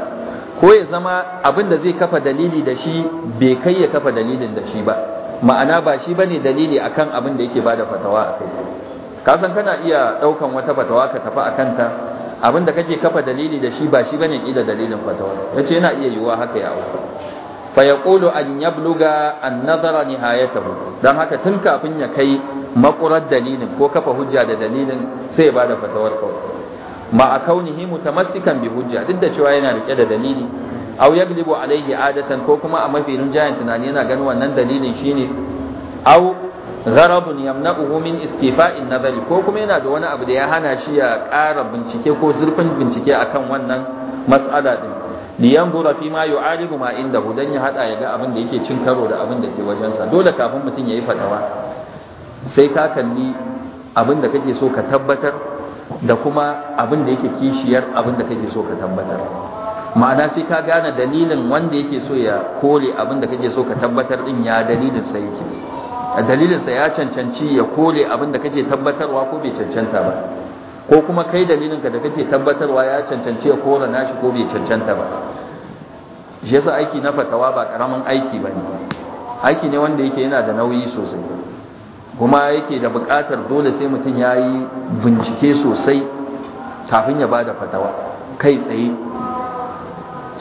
ko ya zama abin da zai kafa dalili da shi bai kai ya kafa dalilin da shi ba ma'ana ba shi bane dalili akan abin da yake bada fatawa akai ka san kana iya ɗaukan wata fatawa ka tafi a kanta? abin da kake kafa dalili da shi ba shi bane ida dalilin fatawa yace yana iya yiwuwa haka ya auku fa yaqulu an yabluga an nazara nihayatahu dan haka tun kafin ya kai makurar dalilin ko kafa hujja da dalilin sai ya bada fatawar kawai ma a kaunihi mutamassikan bi hujja duk da cewa yana rike da dalili aw yaglibu alaihi adatan ko kuma a mafi rinjayen tunani yana ganin wannan dalilin shine aw gharabun yamna'uhu min istifa'in nazari ko kuma yana da wani abu da ya hana shi ya ƙara bincike ko zurfin bincike akan wannan mas'ala din li yanzura fi ma yu'alibu ma inda hudan ya hada ya ga abin da yake cin karo da abin da ke wajensa dole kafin mutum yayi fatawa sai ka kalli abin da kake so ka tabbatar da kuma abin da yake kishiyar abin da kake so ka tabbatar ma'ana sai ka gane dalilin wanda yake so ya kore abin da kake so ka tabbatar din ya dalilin sai yake a dalilinsa ya cancanci ya kore abin da kake tabbatarwa ko bai cancanta ba ko kuma kai dalilinka da kake tabbatarwa ya cancanci ya kore nashi ko bai cancanta ba shi yasa aiki na fatawa ba karamin aiki ba ne aiki ne wanda yake yana da nauyi sosai kuma yake da buƙatar dole sai mutum ya yi bincike sosai kafin ya ba fatawa kai tsaye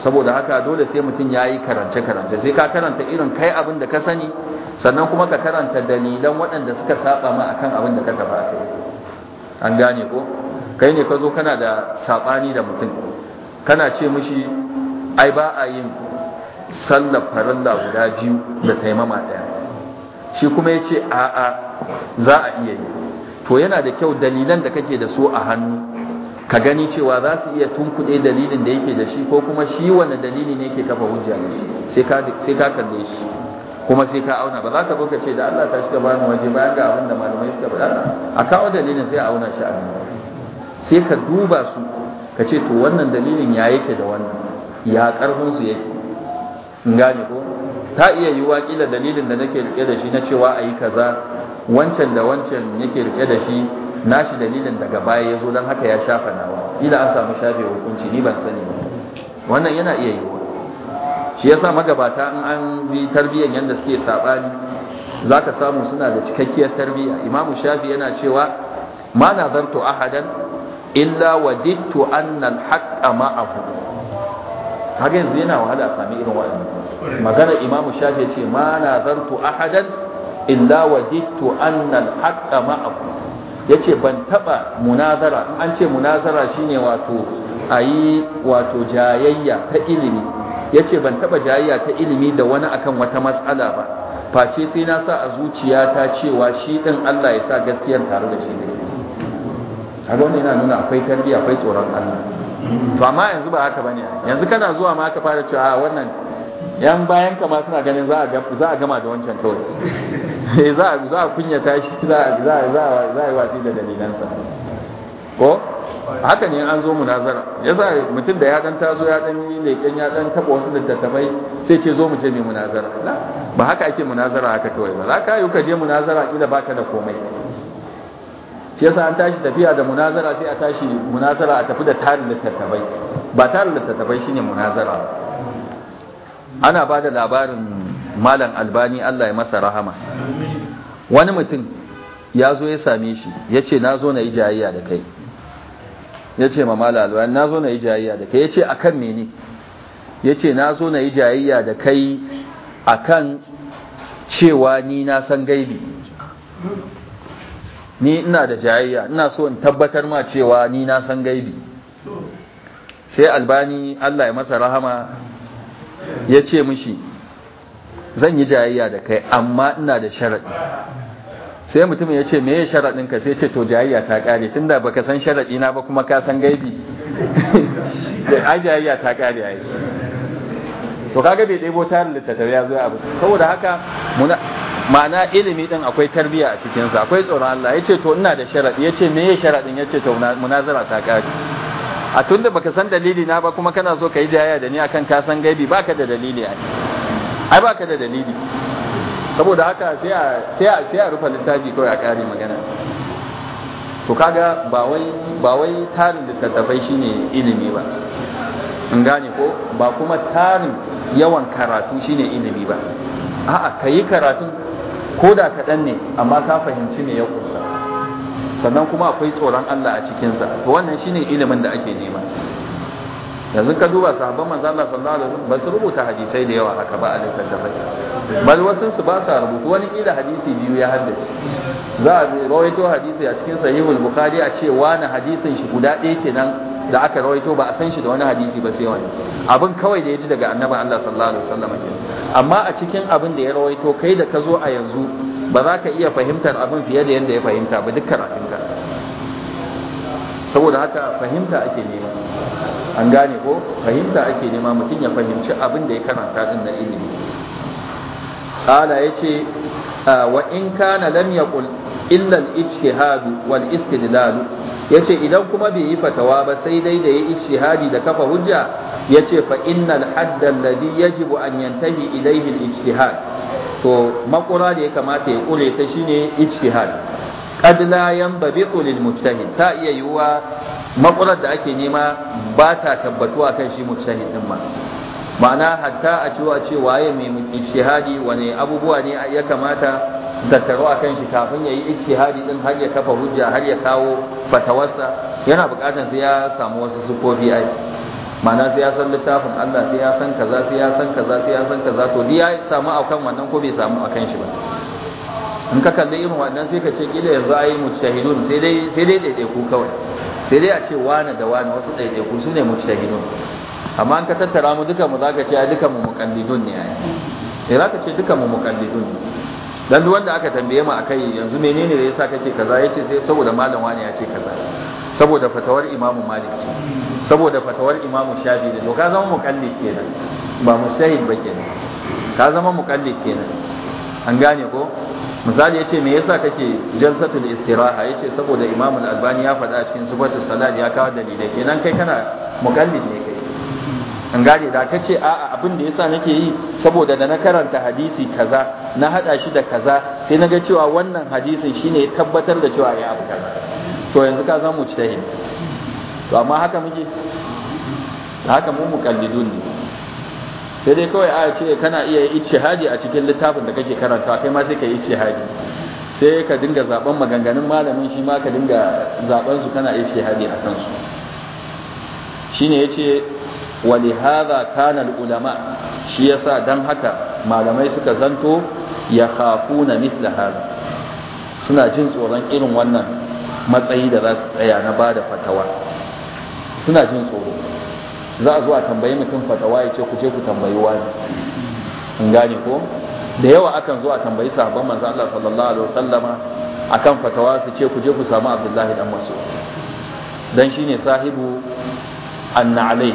saboda haka dole sai mutum ya yi karance-karance sai ka karanta irin kai abin da ka sani sannan kuma ka karanta dalilan waɗanda suka saba ma akan abin da ka tafi kai an gane ko kai ne ka zo kana da sabani da mutum kana ce mishi ai ba a yin sallar faralla guda biyu da taimama ɗaya shi kuma ya ce a'a za a iya yi to yana da kyau dalilan da kake da su a hannu ka gani cewa za su iya tunkuɗe dalilin da yake da shi ko kuma shi wani dalili ne yake kafa hujja da shi sai ka kalle shi kuma sai ka auna ba za ka buka ce da Allah ta shiga bani waje bayan ga abin da malamai suka faɗa a kawo dalilin sai auna shi a sai ka duba su ka ce to wannan dalilin ya yake da wannan ya karfin su yake in gane ko ta iya yiwuwa kila dalilin da nake rike da shi na cewa a yi kaza wancan da wancan yake rike da shi nashi dalilin daga baya ya zo don haka ya shafa nawa Ila an samu shafe hukunci ni ban sani ba wannan yana iya yiwuwa shi yasa magabata in an bi tarbiyyar yadda suke sabani za ka samu suna da cikakkiyar tarbiyya imamu shafi yana cewa ma nazartu ahadan illa wajidtu anna al-haqqa ma'ahu har yanzu yana wahala a sami irin wa'annan magana imamu shafi ce ma nazartu ahadan illa wajidtu anna al-haqqa ma'ahu yace ban taba munazara an ce munazara shine wato ayi wato jayayya ta ilimi yace ban taba jayayya ta ilimi da wani akan wata matsala ba face sai na sa a zuciya ta cewa shi din Allah ya sa gaskiyar tare da shi ne kaga wannan yana nuna akwai tarbiyya akwai tsoron Allah to amma yanzu ba haka bane yanzu kana zuwa ma ka fara cewa ah, wannan yan bayan ka ma suna ganin za a za a gama da wancan kawai eh, za a za a kunyata shi za a za a za a yi wasi da dalilansa ko haka ne an zo munazara yasa mutum da ya dan tazo ya dan yi leken ya dan taba wasu littattafai sai ce zo mu je mu munazara ba haka ake munazara haka kawai ba Za ka yi ka je munazara kila baka da komai shi yasa an tashi tafiya da munazara sai a tashi munazara a tafi da tarin littattafai ba tarin littattafai shine munazara ana ba da labarin malam albani Allah ya masa rahama wani mutum ya zo ya same shi ya ce na zo na yi jayayya da kai ya ce ma mala alwani na zo na yi jayayya da kai ya ce a kan mene ya ce na zo na yi jayayya da kai a kan cewa ni na san gaibi ni ina da jayayya ina so in tabbatar ma cewa ni na san gaibi sai albani allah ya masa rahama ya ce mishi zan yi jayayya da kai amma ina da sharaɗi sai mutumin ya ce meye sharaɗinka sai ce to jayayya ta ƙare tunda baka san sharaɗi na ba kuma ka san gaibi a jayayya ta ƙare yi to kaga bai bota tarin littattafai ya zo abu saboda haka ma'ana ilimi din akwai tarbiyya a cikinsa akwai tsoron Allah ya ce to ina da sharaɗi ya ce meye sharaɗin ya ce to munazara ta ƙare a tunda baka san dalili na ba kuma kana so ka yi jayayya da ni akan ka san gaibi ka da dalili ai ba ka da dalili saboda haka sai a sai a rufe littafi kawai a ƙari magana to kaga ba wai ba wai tarin littattafai shine ilimi ba in gane ko ba kuma tarin yawan karatu shine ilimi ba a'a ka yi karatu, ko da kaɗan ne amma ka fahimci me ya kusa sannan kuma akwai tsoron Allah a cikinsa to wannan shine ilimin da ake nema yanzu ka duba sahabban manzo Allah sallallahu alaihi wasallam ba su rubuta hadisai da yawa haka ba a littattafai bal wasu su ba su rubutu wani kila hadisi biyu ya haddace za a rawaito hadisi a cikin sahihul bukhari a ce wani hadisin shi guda ɗaya kenan da aka rawaito ba a san shi da wani hadisi ba sai wani abin kawai da ya ji daga annabi Allah sallallahu alaihi wasallam amma a cikin abin da ya rawaito kai da ka zo a yanzu ba za ka iya fahimtar abin fiye da yadda ya fahimta ba duk ka. saboda haka fahimta ake nema an gane ko fahimta ake nema mutum ya fahimci abin da ya karanta din na ilimi ala yace wa in kana lam yaqul illa al-ijtihad wal istidlal yace idan kuma bai yi fatawa ba sai dai da ya ijtihadi da kafa hujja yace fa innal hadd alladhi yajibu an yantahi ilayhi al-ijtihad to makura da ya kamata ya kure ta shine ijtihad qad la yanbabiqu lil mujtahid ta iya yuwa makurar da ake nema ba ta tabbatuwa kan shi mujtahid din ma ma'ana hatta a cewa ce waye mai ijtihadi wane abubuwa ne ya kamata su tattaro a shi kafin ya yi ijtihadi din har ya kafa hujja har ya kawo fatawarsa yana buƙatar sai ya samu wasu sufofi ai ma'ana sai ya san littafin Allah sai ya san kaza sai ya san kaza sai ya san kaza to ya samu akan wannan ko bai samu akan shi ba in ka kalli irin wannan sai ka ce kila yanzu ayi mujtahidun sai dai sai dai daidaiku kawai sai dai a ce wane da wane wasu daidaiku su ne mujtahidun amma in ka tattara mu duka mu ka ce ai duka mu muqallidun ne ai sai ce duka mu muqallidun dan duk wanda aka tambaye mu akai yanzu menene ya yasa kake kaza yace sai saboda malam wani ya ce kaza saboda fatawar imamu malik ce saboda fatawar imamu shafi da to ka zama muqallid kenan ba mushahid ba kenan ka zama muqallid kenan an gane ko misali yace me yasa kake jalsatul istiraha yace saboda Imam Al-Albani ya faɗa cikin sifatus salat ya kawo dalilai kenan kai kana muqallid ne kai an gane da kace a'a abin da yasa nake yi saboda da na karanta hadisi kaza na hada shi da kaza sai naga cewa wannan hadisin shine ya tabbatar da cewa ya abu kaza to yanzu ka zamu ci to amma haka muke haka mu muqallidun ne sai dai kawai a ce kana iya yi ijtihadi a cikin littafin da kake karanta kai ma sai ka yi ijtihadi sai ka dinga zaben maganganun malamin shi ma ka dinga zaben su kana ijtihadi a kansu shine yace ولهذا كان ulama shi yasa dan haka malamai suka zanto ya khafuna mithla hadha suna jin tsoron irin wannan matsayi da za su tsaya na bada fatawa suna jin tsoro za a zuwa tambayi mutum fatawa ya ce ku je ku tambayi wani in gane ko da yawa akan zuwa tambayi sahabban manzo Allah sallallahu alaihi wasallama akan fatawa su ce ku je ku samu Abdullahi dan Mas'ud dan shine sahibu annalai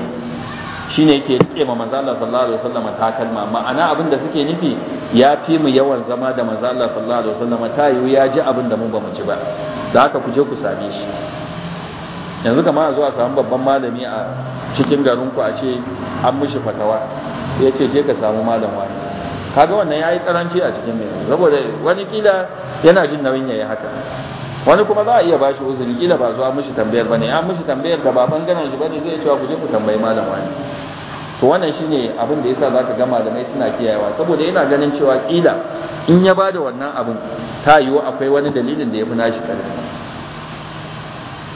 shine yake rike ma manzo Allah sallallahu alaihi wasallama takalma ma'ana abin da suke nufi ya fi mu yawan zama da manzo Allah sallallahu alaihi wasallama ta yi ya ji abin da mu ba mu ci ba da haka ku je ku same shi yanzu kamar a zuwa samu babban malami a cikin garinku a ce an mishi fatawa ya ce je ka samu malam wani kaga wannan ya yi karanci a cikin mai saboda wani kila yana jin nauyin ya yi haka wani kuma za a iya bashi uzuri kila ba zuwa mishi tambayar bane ya mishi tambayar da ba bangaren shi bane zai cewa ku je ku tambayi malam wani to wannan shine abin da yasa zaka ga malamai suna kiyayewa saboda yana ganin cewa kila in ya bada wannan abin ta yiwu akwai wani dalilin da ya fi nashi karfi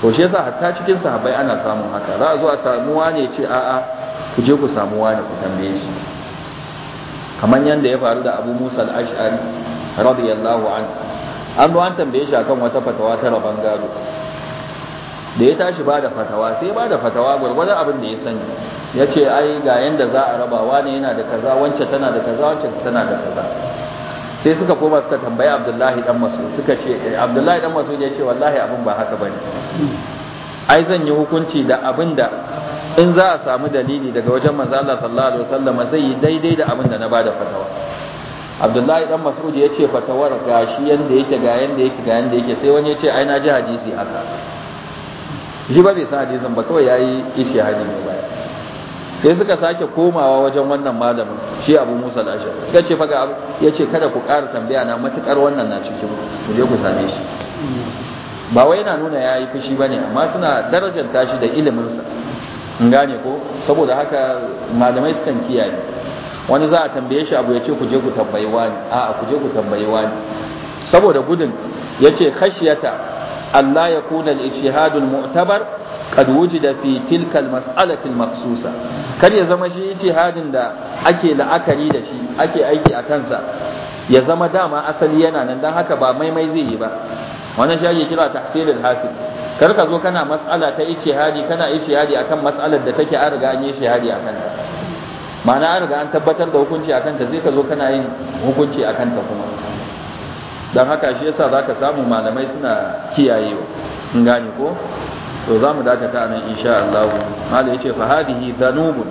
to shi yasa hatta cikin sahabbai ana samun haka za a zo a samu wane ce a'a ku je ku samu wane ku tambaye shi kamar yadda ya faru da Abu Musa al-Ash'ari radiyallahu anhu an zo an tambaye shi akan wata fatawa ta rabon gado da ya tashi ba da fatawa sai ba da fatawa gwargwadon abin da ya sani ya ce ai ga yadda za a rabawa ne yana da kaza wancan tana da kaza wancan tana da kaza sai suka koma suka tambayi abdullahi dan masu, suka ce eh, abdullahi dan masu ya ce wallahi abin ba haka bane ai zan yi hukunci da abin da in za a samu dalili daga wajen manzo Allah sallallahu alaihi wasallam zai yi daidai da abin da na bada fatawa Abdullahi dan Mas'ud ya ce fatawar gashi yanda yake ga yanda yake ga yanda yake sai wani ya ce ai na ji hadisi haka shi ba bai san hadisin ba kawai yayi ishi hadisi ne baya sai suka sake komawa wajen wannan malamin shi abu musa da ashe ya ce faga abu ya ce kada ku ƙara tambaya na matuƙar wannan na cikin ku je ku same shi ba wai yana nuna ya yi fushi ba ne amma suna darajar tashi da iliminsa in gane ko saboda haka malamai sukan kiyaye wani za a tambaye shi abu ya ce ku je ku tambayi wani a'a ku je ku tambayi wani saboda gudun ya ce khashiyata Allah ya kuna al-ishihadul mu'tabar qad wujida fi tilka al-mas'alati al-maqsusa kar ya zama shi ijtihadin da ake la'akari da shi ake aiki a kansa ya zama dama asali yana nan dan haka ba maimai zai yi ba wannan shi ake kira tahsilul hasil kar ka zo kana mas'ala ta ijtihadi kana ijtihadi akan mas'alar da take an riga an yi ijtihadi a kanta. ma'ana an riga an tabbatar da hukunci akan ta sai ka zo kana yin hukunci akan ta kuma dan haka shi yasa zaka samu malamai suna kiyayewa in gane ko to za mu dakata nan insha Allah mala yace fa hadihi dhanubun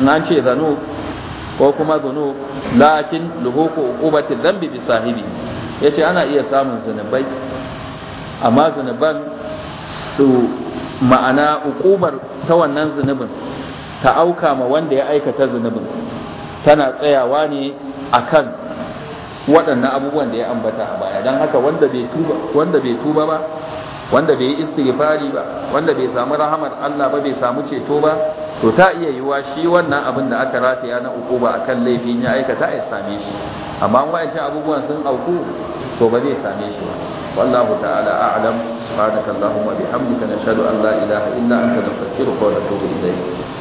in ce dhanub ko kuma dhunub lakin luhuku ubati dhanbi bi sahibi yace ana iya samun zanubai amma zanuban su ma'ana ukubar ta wannan zanubin ta auka ma wanda ya aikata zanubin tana tsayawa ne akan waɗannan abubuwan da ya ambata a baya don haka wanda bai tuba ba wanda bai yi istighfari ba wanda bai samu rahamar Allah ba bai samu ceto ba to ta iya yiwa shi wannan abin da aka rataya na uku ba akan laifin ya aikata ya same shi amma wa'ancan abubuwan sun auku to ba zai same shi ba wallahu ta'ala a'lam subhanakallahumma bihamdika nashhadu an la ilaha illa anta nastaghfiruka wa natubu ilayk